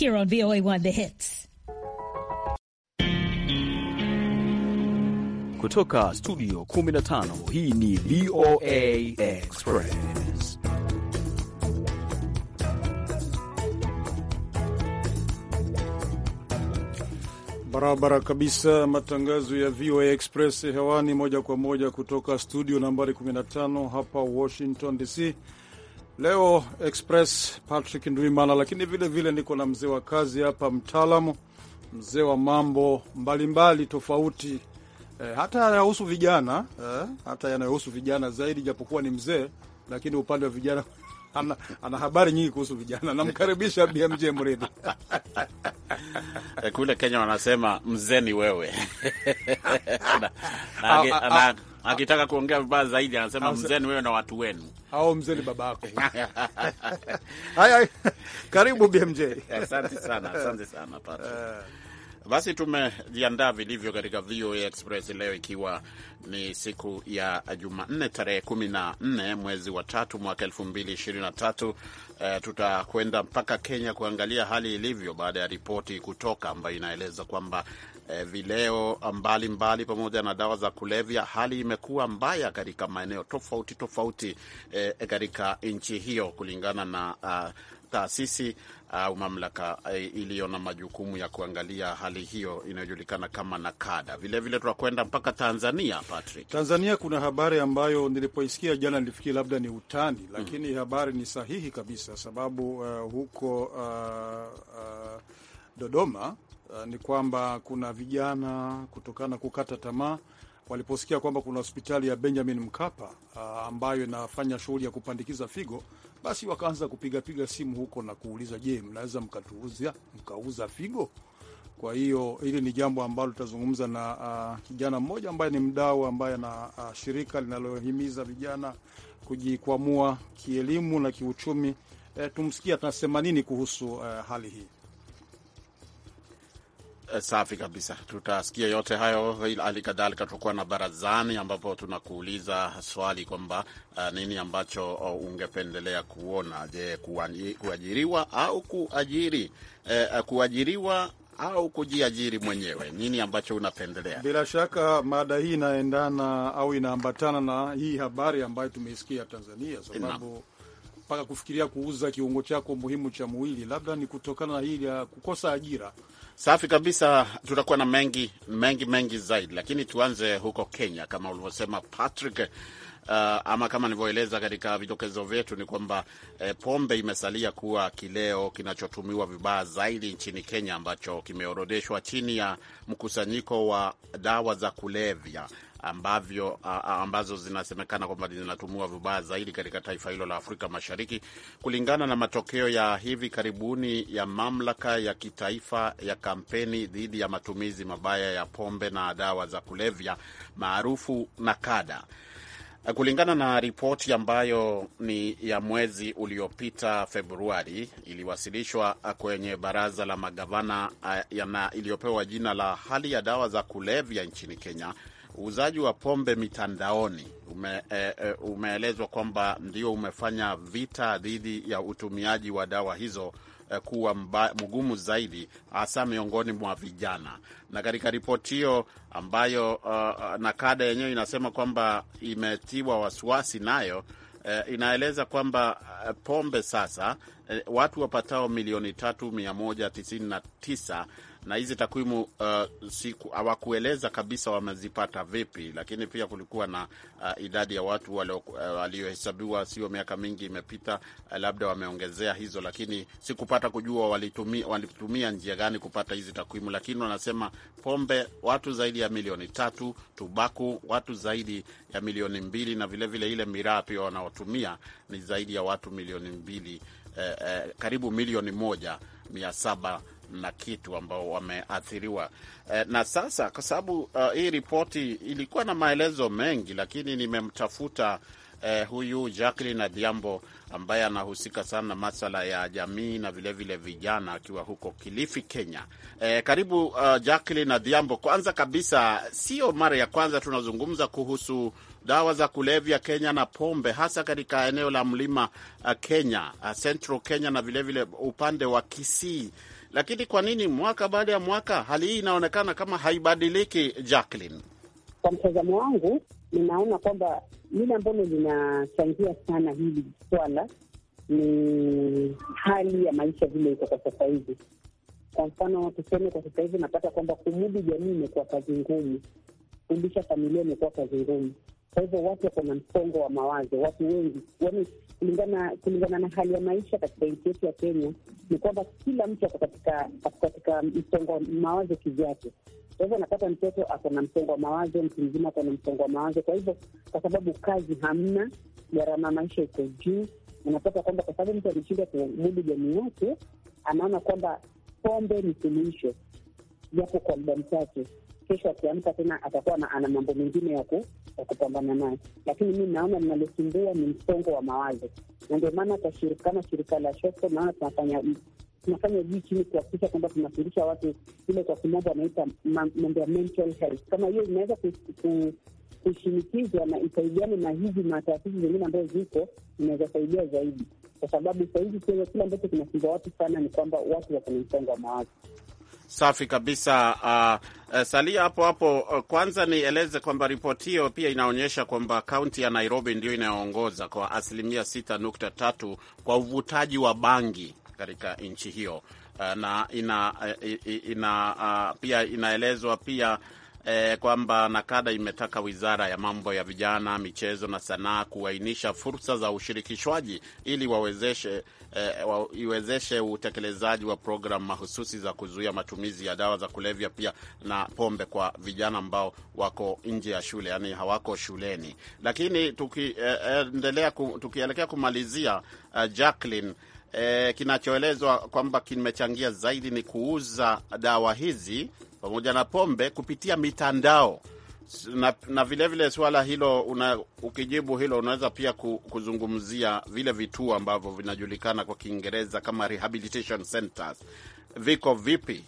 here on VOA1 The Hits. Kutoka studio 15 hii ni VOA Express. Barabara kabisa, matangazo ya VOA Express hewani moja kwa moja kutoka studio nambari 15 hapa Washington DC leo Express Patrick Ndwimana, lakini vile vile niko na mzee wa kazi hapa, mtaalamu mzee wa mambo mbalimbali mbali tofauti e, hata yanayohusu vijana e, hata yanayohusu vijana zaidi, japokuwa ni mzee, lakini upande wa vijana ana, ana habari nyingi kuhusu vijana. Namkaribisha BMJ Mridhi. Eh, kule Kenya wanasema mzee ni wewe. na, na, na, akitaka kuongea vibaya zaidi anasema mzeni wewe na watu wenu au mzeni yako. Haya, karibu BMJ. Asante sana, asante sana Patrick. Eh. Basi tumejiandaa vilivyo katika VOA Express leo, ikiwa ni siku ya Jumanne tarehe kumi na nne mwezi wa tatu mwaka elfu mbili ishirini na tatu. E, tutakwenda mpaka Kenya kuangalia hali ilivyo baada ya ripoti kutoka ambayo inaeleza kwamba eh, vileo mbalimbali pamoja na dawa za kulevya, hali imekuwa mbaya katika maeneo tofauti tofauti eh, katika nchi hiyo kulingana na uh, taasisi au uh, mamlaka uh, iliyo na majukumu ya kuangalia hali hiyo inayojulikana kama nakada Vilevile tunakwenda mpaka Tanzania. Patrick, Tanzania kuna habari ambayo nilipoisikia jana nilifikiri labda ni utani, lakini mm habari ni sahihi kabisa, sababu uh, huko uh, uh, Dodoma uh, ni kwamba kuna vijana kutokana kukata tamaa waliposikia kwamba kuna hospitali ya Benjamin Mkapa uh, ambayo inafanya shughuli ya kupandikiza figo, basi wakaanza kupigapiga simu huko na kuuliza, je, mnaweza mkatuuza mkauza figo? Kwa hiyo hili ni jambo ambalo tutazungumza na uh, kijana mmoja ambaye ni mdau ambaye ana uh, shirika linalohimiza vijana kujikwamua kielimu na kiuchumi. E, tumsikia tunasema nini kuhusu uh, hali hii. Eh, safi kabisa, tutasikia yote hayo. Hali kadhalika tutakuwa na barazani, ambapo tunakuuliza swali kwamba uh, nini ambacho uh, ungependelea kuona, je, kuajiriwa au kuajiri uh, kuajiriwa au kujiajiri mwenyewe, nini ambacho unapendelea? Bila shaka mada hii inaendana au inaambatana na hii habari ambayo tumeisikia Tanzania, sababu mpaka kufikiria kuuza kiungo chako muhimu cha mwili, labda ni kutokana na hii ya kukosa ajira. Safi kabisa, tutakuwa na mengi mengi mengi zaidi, lakini tuanze huko Kenya kama ulivyosema Patrick. Uh, ama kama nilivyoeleza katika vidokezo vyetu ni kwamba eh, pombe imesalia kuwa kileo kinachotumiwa vibaya zaidi nchini Kenya ambacho kimeorodheshwa chini ya mkusanyiko wa dawa za kulevya ambavyo ambazo zinasemekana kwamba zinatumiwa vibaya zaidi katika taifa hilo la Afrika Mashariki kulingana na matokeo ya hivi karibuni ya mamlaka ya kitaifa ya kampeni dhidi ya matumizi mabaya ya pombe na dawa za kulevya maarufu NACADA. Kulingana na ripoti ambayo ni ya mwezi uliopita Februari, iliwasilishwa kwenye baraza la magavana iliyopewa jina la hali ya dawa za kulevya nchini Kenya, Uuzaji wa pombe mitandaoni ume, e, e, umeelezwa kwamba ndio umefanya vita dhidi ya utumiaji wa dawa hizo e, kuwa mba, mgumu zaidi hasa miongoni mwa vijana. Na katika ripoti hiyo ambayo uh, kada yenyewe inasema kwamba imetiwa wasiwasi nayo e, inaeleza kwamba e, pombe sasa e, watu wapatao milioni tatu mia moja tisini na tisa na hizi takwimu uh, siku hawakueleza kabisa wamezipata vipi, lakini pia kulikuwa na uh, idadi ya watu uh, waliohesabiwa uh, sio miaka mingi imepita, uh, labda wameongezea hizo, lakini sikupata kujua walitumia, walitumia njia gani kupata hizi takwimu. Lakini wanasema pombe watu zaidi ya milioni tatu, tubaku watu zaidi ya milioni mbili, na vilevile vile ile miraa pia wanaotumia ni zaidi ya watu milioni mbili, eh, eh, karibu milioni moja mia saba na kitu ambao wameathiriwa e, na sasa kwa sababu uh, hii ripoti ilikuwa na maelezo mengi, lakini nimemtafuta Eh, huyu Jacqueline Adhiambo ambaye anahusika sana na masala ya jamii na vilevile vile vijana akiwa huko Kilifi, Kenya. Eh, karibu uh, Jacqueline Adhiambo. Kwanza kabisa, sio mara ya kwanza tunazungumza kuhusu dawa za kulevya Kenya na pombe, hasa katika eneo la mlima Kenya, Central Kenya na vilevile vile upande wa Kisii. Lakini kwa nini mwaka baada ya mwaka hali hii inaonekana kama haibadiliki, Jacqueline? Kwa mtazamo wangu, ninaona kwamba lile ambalo linachangia sana hili swala ni hali ya maisha vile iko kwa sasa hivi. Kwa mfano tuseme, kwa sasa hivi napata kwamba kumudu jamii imekuwa kazi ngumu, kulisha familia imekuwa kazi ngumu. Kwa hivyo watu wako na msongo wa mawazo, watu wengi yani, kulingana kulingana na hali ya maisha katika nchi yetu ya Kenya ni kwamba kila mtu ako katika katika msongo wa mawazo kivyake. Kwa hivyo anapata mtoto ako na msongo wa mawazo, mtu mzima ako na msongo wa mawazo. Kwa hivyo kwa sababu kazi hamna, gharama maisha iko juu, unapata kwamba kwa sababu mtu alishinda kumudu jamii yake, anaona kwamba pombe ni suluhisho japo kwa muda mchache kesho akiamka tena atakuwa ana mambo mengine ya kupambana naye, Lakini mi naona linalosumbua ni msongo wa mawazo, na ndio maana kama shirika la shoko naona tunafanya tunafanya juu chini kuhakikisha kwamba tunafundisha watu ile kwa kimombo wanaita mambo ya mental health. Kama hiyo inaweza kushinikizwa na isaidiane na hizi mataasisi zingine ambazo ziko, inaweza saidia zaidi, kwa sababu sahizi kile ambacho kinasumbua watu sana ni kwamba watu wako na msongo wa mawazo. Safi kabisa. Uh, uh, salia hapo hapo. Uh, kwanza nieleze kwamba ripoti hiyo pia inaonyesha kwamba kaunti ya Nairobi ndio inayoongoza kwa asilimia 6.3 kwa uvutaji wa bangi katika nchi hiyo eh, na ina, ina, ina, ah, pia inaelezwa pia eh, kwamba NAKADA imetaka wizara ya mambo ya vijana, michezo na sanaa kuainisha fursa za ushirikishwaji ili wawezeshe, eh, wa, iwezeshe utekelezaji wa programu mahususi za kuzuia matumizi ya dawa za kulevya pia na pombe kwa vijana ambao wako nje ya shule, yani hawako shuleni. Lakini tukiendelea e, eh, ku, tukielekea kumalizia eh, Jacqueline E, kinachoelezwa kwamba kimechangia zaidi ni kuuza dawa hizi pamoja na pombe kupitia mitandao na, na vile vile suala hilo una, ukijibu hilo unaweza pia kuzungumzia vile vituo ambavyo vinajulikana kwa Kiingereza kama rehabilitation centers. Viko vipi?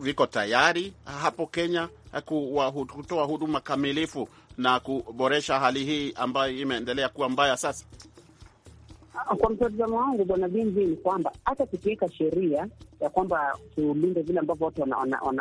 Viko tayari hapo Kenya kutoa huduma kamilifu na kuboresha hali hii ambayo imeendelea kuwa mbaya sasa? Ah, kwa mtazamo wangu, bwana Binzi, ni kwamba hata tukiweka sheria ya kwamba tulinde vile ambavyo watu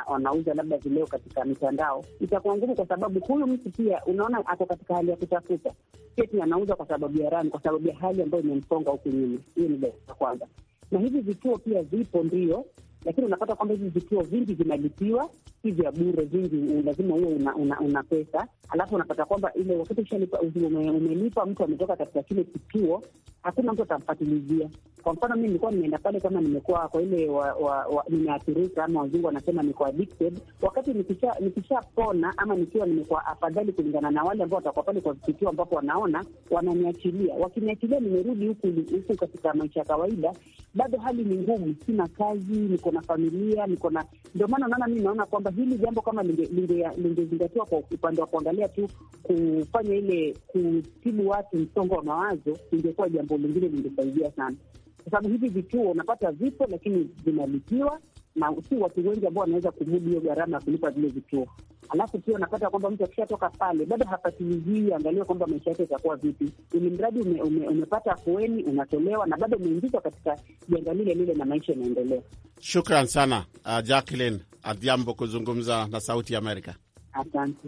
wanauza labda vileo katika mitandao, itakuwa ngumu, kwa sababu huyu mtu pia unaona ako katika hali ya kutafuta, keti anauza kwa sababu ya rani, kwa sababu ya hali ambayo imemsonga huku nyuma. Hiyo ni ya kwanza, na hivi vituo pia vipo, ndio lakini unapata kwamba hivi vituo vingi vinalipiwa, si vya bure, vingi eh, lazima huwe una, una, una pesa. Alafu unapata kwamba ile wakati ushalipa umelipa, mtu ametoka katika kile kituo, hakuna mtu atamfatilizia. Kwa mfano mi nilikuwa nimeenda pale kama nimekuwa kwa ile wa, wa, wa, nimeathirika ama wazungu wanasema nimekuwa addicted, wakati nikishapona nikisha ama nikiwa nimekuwa afadhali kulingana na wale ambao watakuwa pale kwa vituo ambapo wanaona wananiachilia. Wakiniachilia nimerudi huku katika maisha ya kawaida, bado hali ni ngumu, sina kazi, niko niko na familia, niko na ndio maana naona mi naona kwamba hili jambo kama lingezingatiwa linge, linge kwa upande wa kuangalia tu kufanya ile kutibu watu msongo wa mawazo, ingekuwa jambo lingine lingesaidia sana, kwa sababu hivi vituo unapata vipo, lakini vinalipiwa na si watu wengi ambao wanaweza kumudu hiyo gharama ya kulipa vile vituo. Alafu pia unapata kwamba mtu akishatoka pale bado hapatilizii angalia kwamba maisha yake itakuwa vipi, ili mradi ume, ume, umepata afueni, unatolewa na bado umeingizwa katika janga lile lile na maisha yanaendelea. Shukran sana uh, Jacqueline Adhiambo kuzungumza na Sauti ya Amerika. Asante.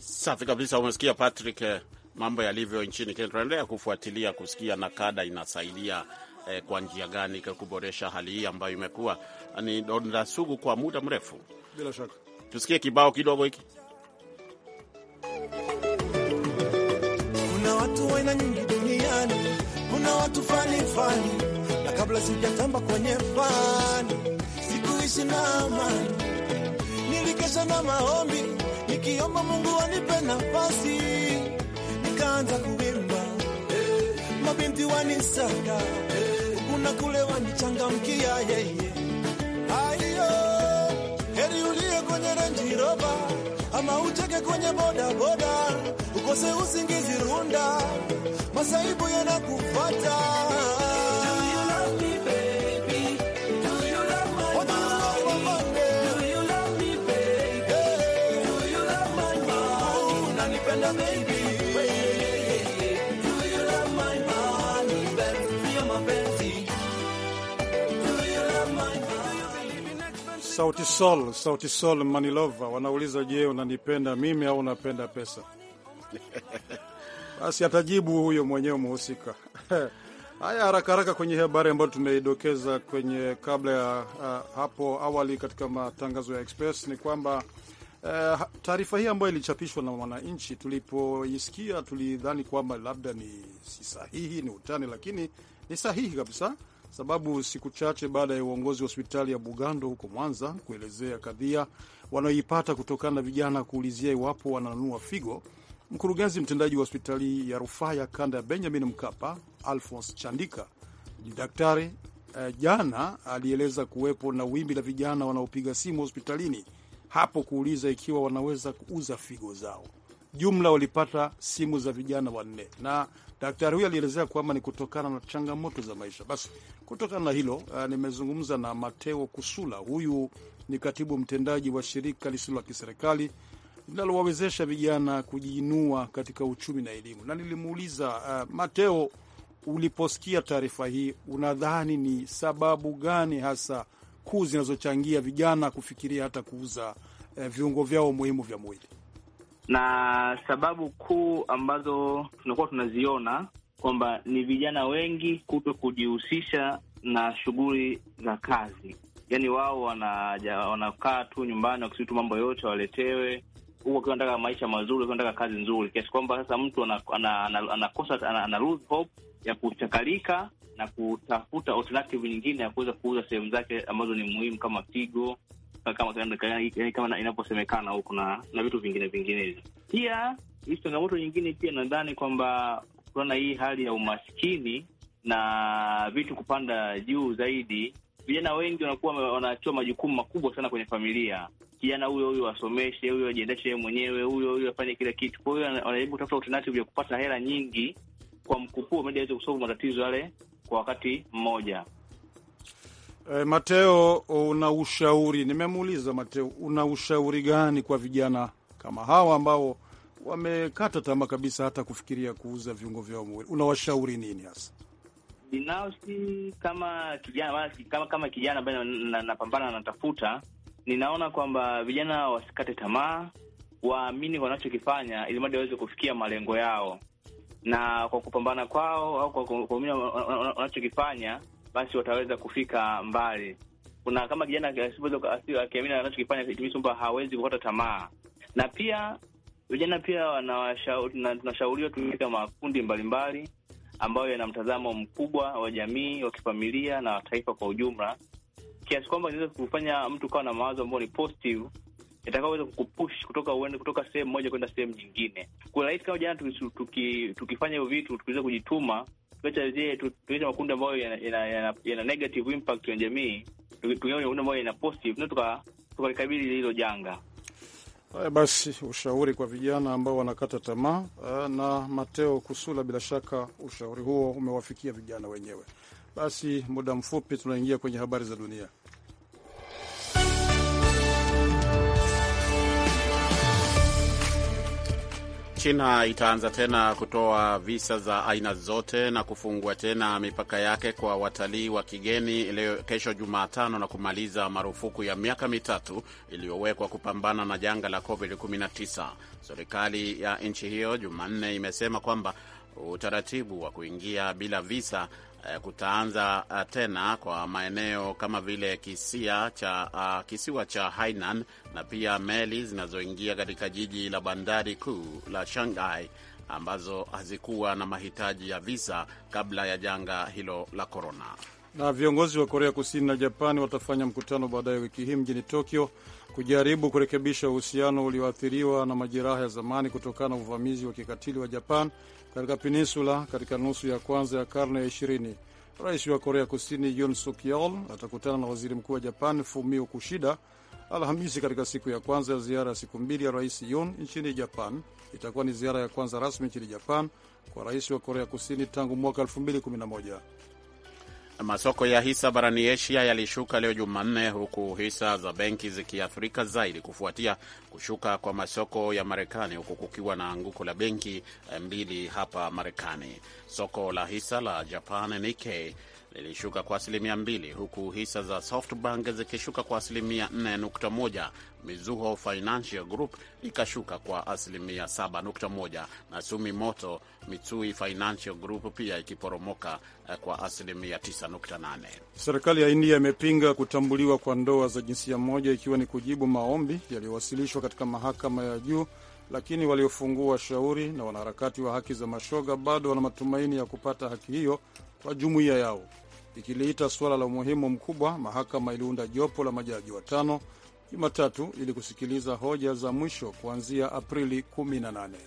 Safi kabisa. Umesikia Patrick, eh, mambo yalivyo nchini Kenya. Tunaendelea kufuatilia kusikia na kada inasaidia eh, kwa njia gani kuboresha hali hii ambayo imekuwa ni donda sugu kwa muda mrefu. Bila shaka tusikie kibao kidogo hiki. Kuna watu aina nyingi duniani, kuna watu fani fani, na kabla sijatamba kwenye fani sikuishi na amani, nilikesha na maombi nikiomba Mungu anipe nafasi, nikaanza kuimba mabinti wanisaka hakuna kule wanichangamkia yeye. Aiyo, heri uliye kwenye Range Rover ama ucheke kwenye bodaboda, ukose usingizi Runda, masaibu yanakufuata. Sauti Sol, Sauti Sol Manilova wanauliza, je, unanipenda mimi au unapenda pesa? Basi atajibu huyo mwenyewe mhusika. Haya, haraka haraka kwenye habari ambayo tumeidokeza kwenye kabla ya uh, hapo awali katika matangazo ya Express ni kwamba uh, taarifa hii ambayo ilichapishwa na Mwananchi, tulipoisikia tulidhani kwamba labda ni si sahihi, ni utani, lakini ni sahihi kabisa sababu siku chache baada ya uongozi wa hospitali ya Bugando huko Mwanza kuelezea kadhia wanaoipata kutokana na vijana kuulizia iwapo wananunua figo, mkurugenzi mtendaji wa hospitali ya rufaa ya kanda ya Benjamin Mkapa Alphonse Chandika daktari uh, jana alieleza kuwepo na wimbi la vijana wanaopiga simu hospitalini hapo kuuliza ikiwa wanaweza kuuza figo zao. Jumla walipata simu za vijana wanne na Daktari huyu alielezea kwamba ni kutokana na changamoto za maisha. Basi kutokana na hilo uh, nimezungumza na Mateo Kusula. Huyu ni katibu mtendaji wa shirika lisilo la kiserikali linalowawezesha vijana kujiinua katika uchumi na elimu, na nilimuuliza uh, Mateo, uliposikia taarifa hii unadhani ni sababu gani hasa kuu zinazochangia vijana kufikiria hata kuuza uh, viungo vyao muhimu vya mwili? na sababu kuu ambazo tunakuwa tunaziona kwamba ni vijana wengi kuto kujihusisha na shughuli za kazi, yaani wao wanakaa tu nyumbani wakisubiri tu mambo yote waletewe, huku wakiwa wanataka maisha mazuri, wakiwa wanataka kazi nzuri, kiasi kwamba sasa mtu anakosa ana lose hope ya kuchakalika na kutafuta alternative nyingine ya kuweza kuuza sehemu zake ambazo ni muhimu kama pigo kama yani kama inaposemekana huku na na vitu vingine vingine hivyo. Pia hii changamoto nyingine pia nadhani kwamba kutokana hii hali ya umaskini na vitu kupanda juu zaidi, vijana wengi wanakuwa wanaachia majukumu makubwa sana kwenye familia. Kijana huyo huyo asomeshe, huyo ajiendeshe mwenyewe, huyo huyo afanye kila kitu. Kwa hiyo wanajaribu kutafuta alternative ya kupata hela nyingi kwa mkupuo, ili aweze kusolve matatizo yale kwa wakati mmoja. E, Mateo, una ushauri nimemuuliza Mateo, una ushauri gani kwa vijana kama hawa ambao wamekata tamaa kabisa hata kufikiria kuuza viungo vyao mwili, unawashauri nini hasa? Binafsi kama kijana kama, kama kijana ambaye napambana na natafuta, ninaona kwamba vijana wasikate tamaa, waamini wanachokifanya ili mradi waweze kufikia malengo yao, na kwa kupambana kwao au kwa kuamini wanachokifanya basi wataweza kufika mbali. Kuna kama kijana akiamini anachokifanya itumii hawezi kukata tamaa, na pia vijana pia tunashauriwa katika makundi mbalimbali ambayo yana mtazamo mkubwa wa jamii, wa kifamilia na taifa kwa ujumla, kiasi kwamba inaweza kufanya mtu kawa na mawazo ambayo ni positive itakaoweza kukupush kutoka uende kutoka sehemu moja kwenda sehemu nyingine. Kwa rahisi kama jana tuki, tuki, tukifanya hivyo vitu tukiweza kujituma tukiacha makundi ambayo yana negative impact kwenye jamii, tukiona makundi ambayo yana positive, ndio tukalikabili hilo janga. Haya basi, ushauri kwa vijana ambao wanakata tamaa. Eh, na Mateo Kusula, bila shaka ushauri huo umewafikia vijana wenyewe. Basi muda mfupi tunaingia kwenye habari za dunia. China itaanza tena kutoa visa za aina zote na kufungua tena mipaka yake kwa watalii wa kigeni leo kesho Jumatano na kumaliza marufuku ya miaka mitatu iliyowekwa kupambana na janga la COVID-19. Serikali ya nchi hiyo Jumanne imesema kwamba utaratibu wa kuingia bila visa Eh, kutaanza eh, tena kwa maeneo kama vile kisia cha, uh, kisiwa cha Hainan na pia meli zinazoingia katika jiji la bandari kuu la Shanghai ambazo hazikuwa na mahitaji ya visa kabla ya janga hilo la korona. Na viongozi wa Korea Kusini na Japani watafanya mkutano baadaye wiki hii mjini Tokyo kujaribu kurekebisha uhusiano ulioathiriwa na majeraha ya zamani kutokana na uvamizi wa kikatili wa Japan katika peninsula katika nusu ya kwanza ya karne ya ishirini. Rais wa Korea Kusini Yoon Suk Yeol atakutana na waziri mkuu wa Japan Fumio Kishida Alhamisi katika siku ya kwanza ya ziara ya siku mbili ya rais Yoon nchini Japan. Itakuwa ni ziara ya kwanza rasmi nchini Japan kwa rais wa Korea Kusini tangu mwaka 2011. Masoko ya hisa barani Asia yalishuka leo Jumanne, huku hisa za benki zikiathirika zaidi kufuatia kushuka kwa masoko ya Marekani, huku kukiwa na anguko la benki eh, mbili hapa Marekani. Soko la hisa la Japan Nikkei ilishuka kwa asilimia 2 huku hisa za Softbank zikishuka kwa asilimia 4.1. Mizuho Financial Group ikashuka kwa asilimia 7.1 na sumimoto Mitsui Financial Group pia ikiporomoka eh, kwa asilimia 9.8. Serikali ya India imepinga kutambuliwa kwa ndoa za jinsia moja ikiwa ni kujibu maombi yaliyowasilishwa katika mahakama ya juu lakini waliofungua shauri na wanaharakati wa haki za mashoga bado wana matumaini ya kupata haki hiyo kwa jumuiya yao ikiliita suala la umuhimu mkubwa, mahakama iliunda jopo la majaji watano Jumatatu ili kusikiliza hoja za mwisho kuanzia Aprili 18.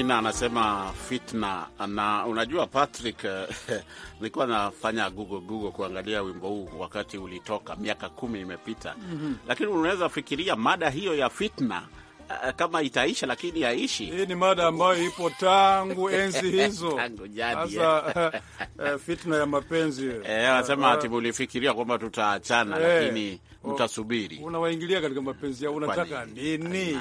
Lina anasema fitna na unajua, Patrick nilikuwa nafanya google google kuangalia wimbo huu wakati ulitoka miaka kumi imepita mm -hmm. Lakini unaweza fikiria mada hiyo ya fitna eh, kama itaisha, lakini haishi. Hii ni mada ambayo ipo tangu enzi hizo sasa. Eh, fitna ya mapenzi wanasema eh, ati ulifikiria kwamba tutaachana, lakini mtasubiri. Unawaingilia katika mapenzi yao, unataka nini?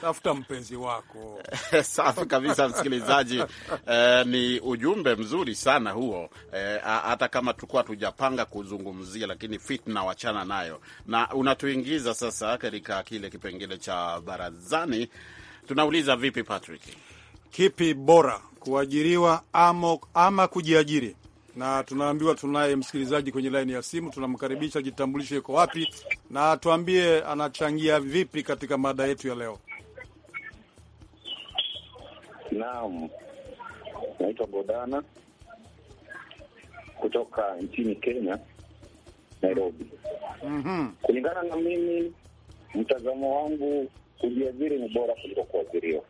Tafuta mpenzi wako. Safi kabisa, msikilizaji. Eh, ni ujumbe mzuri sana huo, eh, hata eh, kama tukuwa tujapanga kuzungumzia, lakini fitna wachana nayo, na unatuingiza sasa katika kile kipengele cha barazani. Tunauliza vipi, Patrick, kipi bora kuajiriwa ama, ama kujiajiri? na tunaambiwa tunaye msikilizaji kwenye laini ya simu. Tunamkaribisha, jitambulishe, yuko wapi na tuambie anachangia vipi katika mada yetu ya leo. Naam, naitwa Godana kutoka nchini Kenya, Nairobi. mm -hmm. Kulingana na mimi, mtazamo wangu, kujiajiri ni bora kuliko kuajiriwa.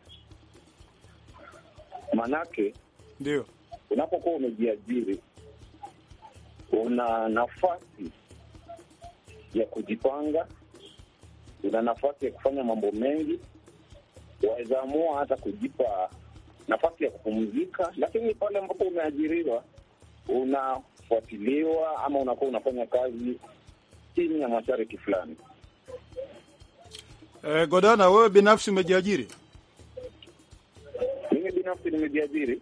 Manake ndio unapokuwa umejiajiri una nafasi ya kujipanga, una nafasi ya kufanya mambo mengi, waweza amua hata kujipa nafasi ya kupumzika. Lakini pale ambapo umeajiriwa, unafuatiliwa ama unakuwa unafanya kazi chini ya mashariki fulani. Eh, Godana, wewe binafsi umejiajiri? Mimi binafsi nimejiajiri.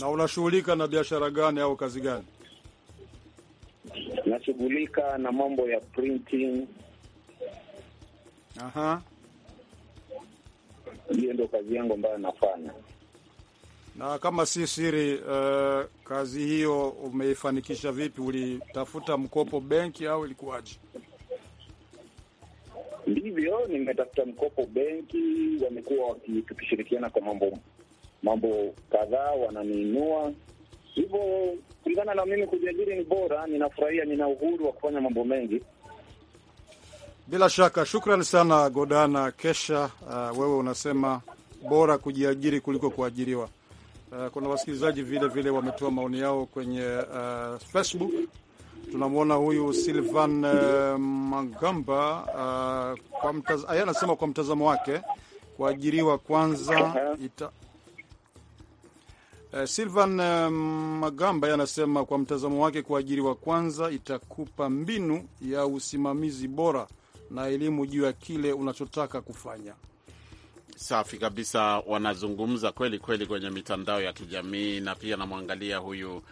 Na unashughulika na biashara gani au kazi gani? Nashughulika na mambo ya printing. Aha, hiyo ndo kazi yangu ambayo nafanya. Na kama si siri, uh, kazi hiyo umeifanikisha vipi? Ulitafuta mkopo benki au ilikuwaje? Ndivyo, nimetafuta mkopo benki, wamekuwa tukishirikiana kwa mambo mambo kadhaa, wananiinua Hivyo kulingana na mimi, kujiajiri ni bora. Ninafurahia, nina uhuru wa kufanya mambo mengi. Bila shaka, shukrani sana Godana Kesha. Uh, wewe unasema bora kujiajiri kuliko kuajiriwa. Uh, kuna wasikilizaji vile vile wametoa maoni yao kwenye uh, Facebook. Tunamwona huyu Silvan uh, Magamba uh, kwa mtaz... anasema kwa mtazamo wake kuajiriwa kwanza ita Uh, eh, Silvan uh, eh, Magamba anasema kwa mtazamo wake, kuajiriwa wa kwanza itakupa mbinu ya usimamizi bora na elimu juu ya kile unachotaka kufanya. Safi kabisa, wanazungumza kweli kweli kwenye mitandao ya kijamii, na pia namwangalia huyu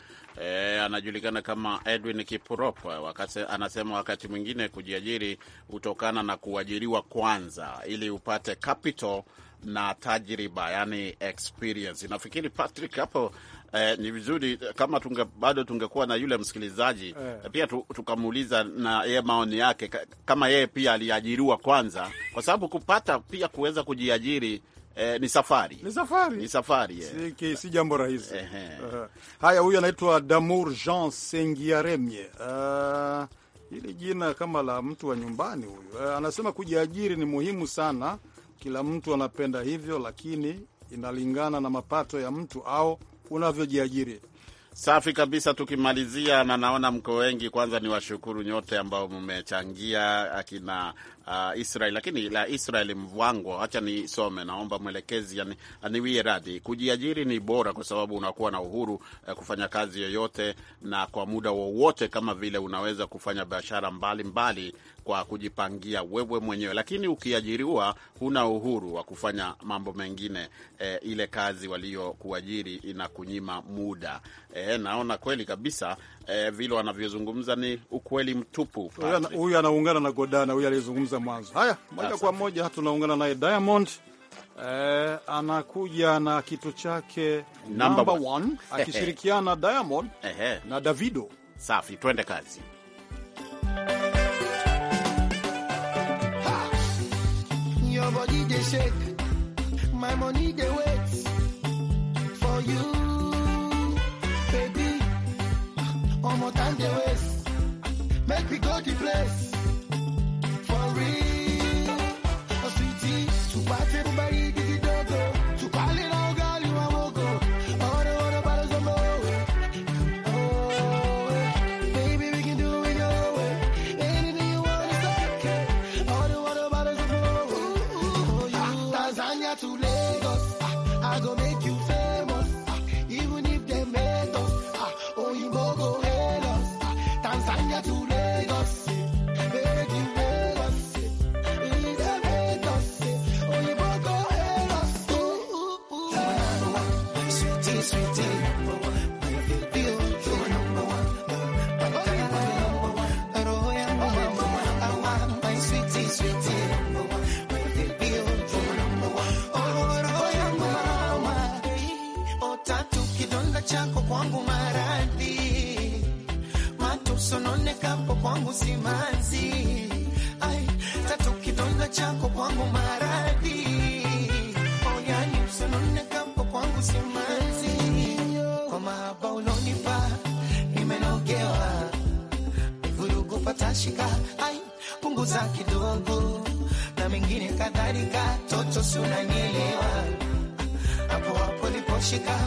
E, anajulikana kama Edwin Kiprop wakati, anasema wakati mwingine kujiajiri hutokana na kuajiriwa kwanza ili upate capital na tajriba, yani experience. Nafikiri Patrick hapo Eh, ni vizuri eh, kama tunge, bado tungekuwa na yule msikilizaji eh, pia tu, tukamuuliza na yeye maoni yake kama yeye pia aliajiriwa kwanza, kwa sababu kupata pia kuweza kujiajiri eh, ni safari ni safari ni safari yeah. si, si jambo rahisi eh, eh. Uh, haya, huyu anaitwa Damour Jean Sengiaremye uh, hili jina kama la mtu wa nyumbani huyu. Uh, anasema kujiajiri ni muhimu sana kila mtu anapenda hivyo, lakini inalingana na mapato ya mtu au unavyojiajiri. Safi kabisa. Tukimalizia na naona mko wengi, kwanza ni washukuru nyote ambao mmechangia, akina uh, Israel, lakini la Israel mvwango, acha nisome, naomba mwelekezi aniwie radhi. Kujiajiri ni bora kwa sababu unakuwa na uhuru uh, kufanya kazi yoyote na kwa muda wowote, kama vile unaweza kufanya biashara mbalimbali kwa kujipangia wewe mwenyewe, lakini ukiajiriwa huna uhuru wa kufanya mambo mengine e, ile kazi waliokuajiri inakunyima muda e, naona kweli kabisa e, vile wanavyozungumza ni ukweli mtupu. Huyu anaungana na Godana, huyu aliyezungumza ya mwanzo. Haya, moja kwa moja tunaungana naye Diamond. Eh, anakuja na kitu chake number one, akishirikiana Diamond na Davido. Safi, twende kazi. place shika, ai punguza kidogo na mengine kadhalika. Toto, si unanielewa? Hapo hapo liposhika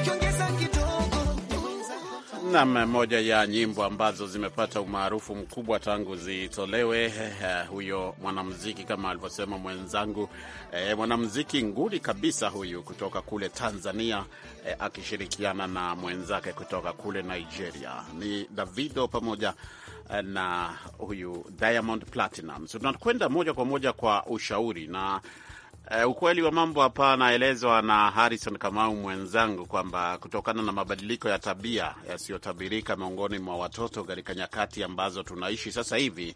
ukiongeza kidogo. Nam, moja ya nyimbo ambazo zimepata umaarufu mkubwa tangu zitolewe. Uh, huyo mwanamziki kama alivyosema mwenzangu, uh, eh, mwanamziki nguli kabisa huyu kutoka kule Tanzania, uh, akishirikiana na mwenzake kutoka kule Nigeria ni Davido pamoja Eh, na huyu Diamond Platinum. So, tunakwenda moja kwa moja kwa ushauri na Uh, ukweli wa mambo hapa anaelezwa na Harrison Kamau mwenzangu kwamba kutokana na mabadiliko ya tabia yasiyotabirika miongoni mwa watoto katika nyakati ambazo tunaishi sasa hivi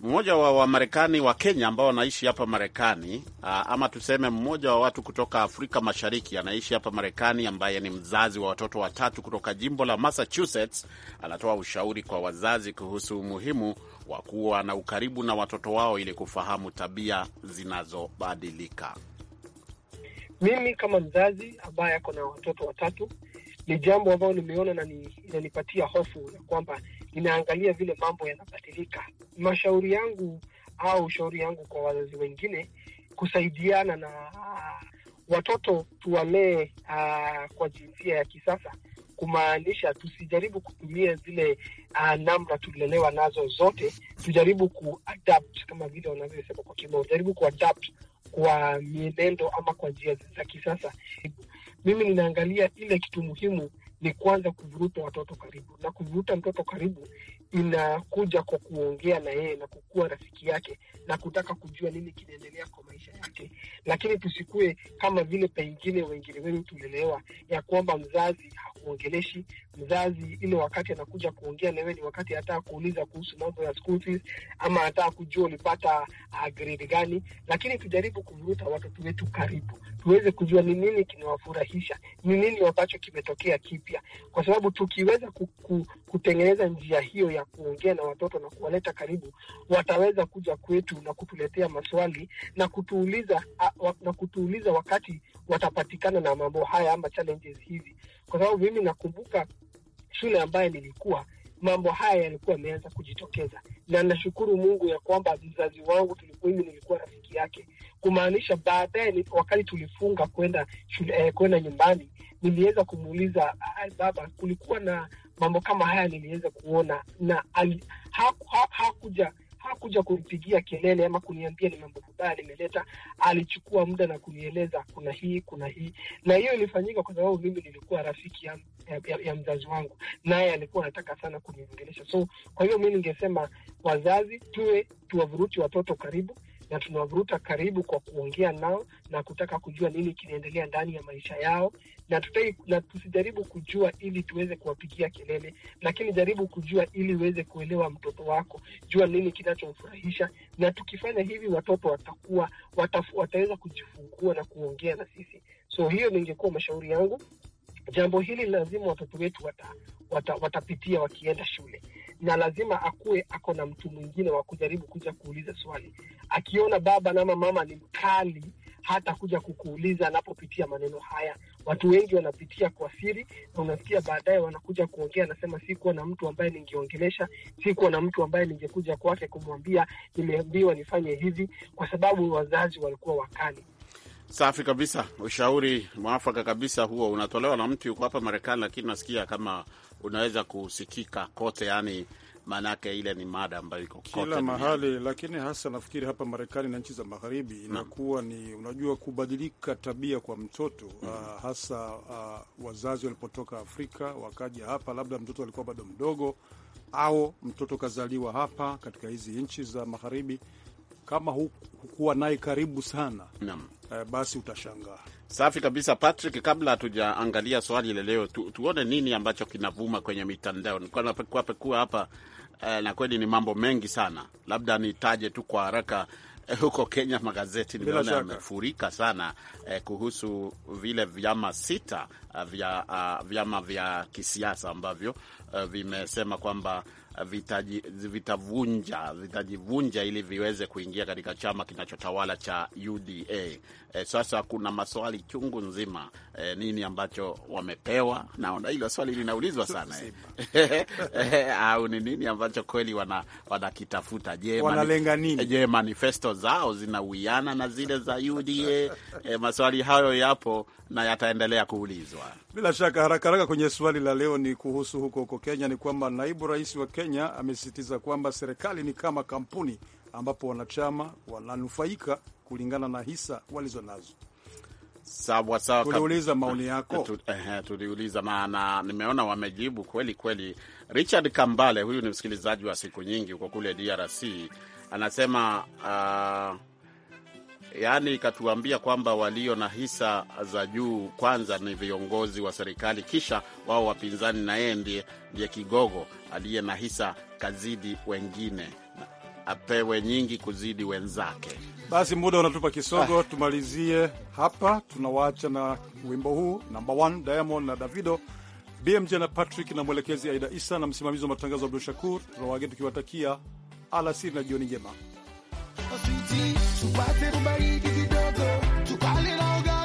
mmoja wa Wamarekani wa Kenya ambao wanaishi hapa Marekani, ah, ama tuseme mmoja wa watu kutoka Afrika Mashariki anaishi hapa Marekani, ambaye ni mzazi wa watoto watatu kutoka jimbo la Massachusetts, anatoa ushauri kwa wazazi kuhusu umuhimu wa kuwa na ukaribu na watoto wao ili kufahamu tabia zinazobadilika. Mimi kama mzazi ambaye ako na watoto watatu, ni jambo ambayo nimeona na inanipatia hofu ya kwamba ninaangalia vile mambo yanabadilika. Mashauri yangu au ushauri yangu kwa wazazi wengine, kusaidiana na uh, watoto tuwalee uh, kwa jinsia ya kisasa, kumaanisha tusijaribu kutumia zile uh, namna tulilelewa nazo zote, tujaribu kuadapt kama vile wanavyosema kwa kimo, jaribu kuadapt kwa mienendo ama kwa njia za kisasa. Mimi ninaangalia ile kitu muhimu ni kwanza kuvuruta watoto karibu, na kuvuruta mtoto karibu inakuja kwa kuongea na yeye na kukuwa rafiki yake na kutaka kujua nini kinaendelea kwa maisha yake, lakini tusikue kama vile pengine wengine wenu tulielewa ya kwamba mzazi hakuongeleshi mzazi. Ile wakati anakuja kuongea na wewe ni wakati hata kuuliza kuhusu mambo ya school fees ama hata kujua ulipata uh, grade gani. Lakini tujaribu kuvuruta watoto wetu karibu, tuweze kujua ni nini kinawafurahisha, ni nini ambacho kimetokea kipya, kwa sababu tukiweza kutengeneza njia hiyo ya kuongea na watoto na kuwaleta karibu, wataweza kuja kwetu na kutuletea maswali na kutuuliza na kutuuliza wakati watapatikana na mambo haya ama challenges hizi, kwa sababu mimi nakumbuka shule ambaye nilikuwa mambo haya yalikuwa yameanza kujitokeza, na nashukuru Mungu ya kwamba mzazi wangu tulikuwa, mimi nilikuwa rafiki yake, kumaanisha baadaye, wakati tulifunga kwenda shule eh, kwenda nyumbani, niliweza kumuuliza baba, kulikuwa na mambo kama haya niliweza kuona na hakuja ha, ha, hakuja hakuja kunipigia kelele ama kuniambia ni mambo mabaya nimeleta. Alichukua muda na kunieleza kuna hii kuna hii, na hiyo ilifanyika kwa sababu mimi nilikuwa rafiki ya, ya, ya mzazi wangu, naye alikuwa anataka sana kuniongelesha. So kwa hiyo mi ningesema wazazi, tuwe tuwavuruti watoto karibu, na tunawavuruta karibu kwa kuongea nao na kutaka kujua nini kinaendelea ndani ya maisha yao, na tutai, na tusijaribu kujua ili tuweze kuwapigia kelele, lakini jaribu kujua ili uweze kuelewa mtoto wako, jua nini kinachomfurahisha. Na tukifanya hivi watoto watakuwa watafu, wataweza kujifungua na kuongea na sisi. So hiyo ningekuwa mashauri yangu. Jambo hili lazima watoto wetu watapitia wata, wata wakienda shule na lazima akuwe ako na mtu mwingine wa kujaribu kuja kuuliza swali. Akiona baba nama mama ni mkali, hata kuja kukuuliza anapopitia maneno haya. Watu wengi wanapitia kwa siri, na unasikia baadaye wanakuja kuongea, anasema sikuwa na mtu ambaye ningeongelesha, sikuwa na mtu ambaye ningekuja kwake kumwambia, nimeambiwa nifanye hivi, kwa sababu wazazi walikuwa wakali. Safi kabisa, ushauri mwafaka kabisa huo unatolewa na mtu yuko hapa Marekani, lakini nasikia kama unaweza kusikika kote, yani maanake ile ni mada ambayo iko kila mahali dunia. Lakini hasa nafikiri hapa Marekani na nchi za magharibi hmm. inakuwa ni unajua, kubadilika tabia kwa mtoto mm. uh, hasa uh, wazazi walipotoka Afrika wakaja hapa, labda mtoto alikuwa bado mdogo au mtoto kazaliwa hapa katika hizi nchi za magharibi, kama hukuwa naye karibu sana uh, basi utashangaa Safi kabisa Patrick, kabla hatujaangalia swali la leo tu, tuone nini ambacho kinavuma kwenye mitandao. Nilikuwa napekua pekua hapa eh, na kweli ni mambo mengi sana, labda nitaje tu kwa haraka eh, huko Kenya magazeti nimeona yamefurika sana eh, kuhusu vile vyama sita Eh, vya uh, vyama vya kisiasa ambavyo uh, vimesema kwamba vitavunja vitajivunja ili viweze kuingia katika chama kinachotawala cha UDA. E, sasa kuna maswali chungu nzima e, nini ambacho wamepewa, naona hilo swali linaulizwa sana au ni nini ambacho kweli wanakitafuta, wana je, wanalenga nini? Je, manifesto zao zinawiana na zile za UDA? E, maswali hayo yapo na yataendelea kuulizwa. Bila shaka haraka haraka, kwenye swali la leo ni kuhusu huko huko Kenya, ni kwamba naibu rais wa Kenya amesisitiza kwamba serikali ni kama kampuni ambapo wanachama wananufaika kulingana na hisa walizo nazo. Sawa sawa, tuliuliza maoni yako, tuliuliza maana nimeona wamejibu kweli kweli. Richard Kambale, huyu ni msikilizaji wa siku nyingi huko kule DRC, anasema uh, yaani ikatuambia kwamba walio na hisa za juu kwanza ni viongozi wa serikali, kisha wao wapinzani, na yeye ndiye, ndiye kigogo aliye na hisa kazidi wengine, apewe nyingi kuzidi wenzake. Basi muda unatupa kisogo, ah. tumalizie hapa. Tunawaacha na wimbo huu namba 1 Diamond na Davido, BMJ na Patrick na mwelekezi Aida Isa na msimamizi wa matangazo Abdul Shakur. Tunawaaga tukiwatakia alasiri na jioni njema. tupate kubariki kidogo, tukale na ugali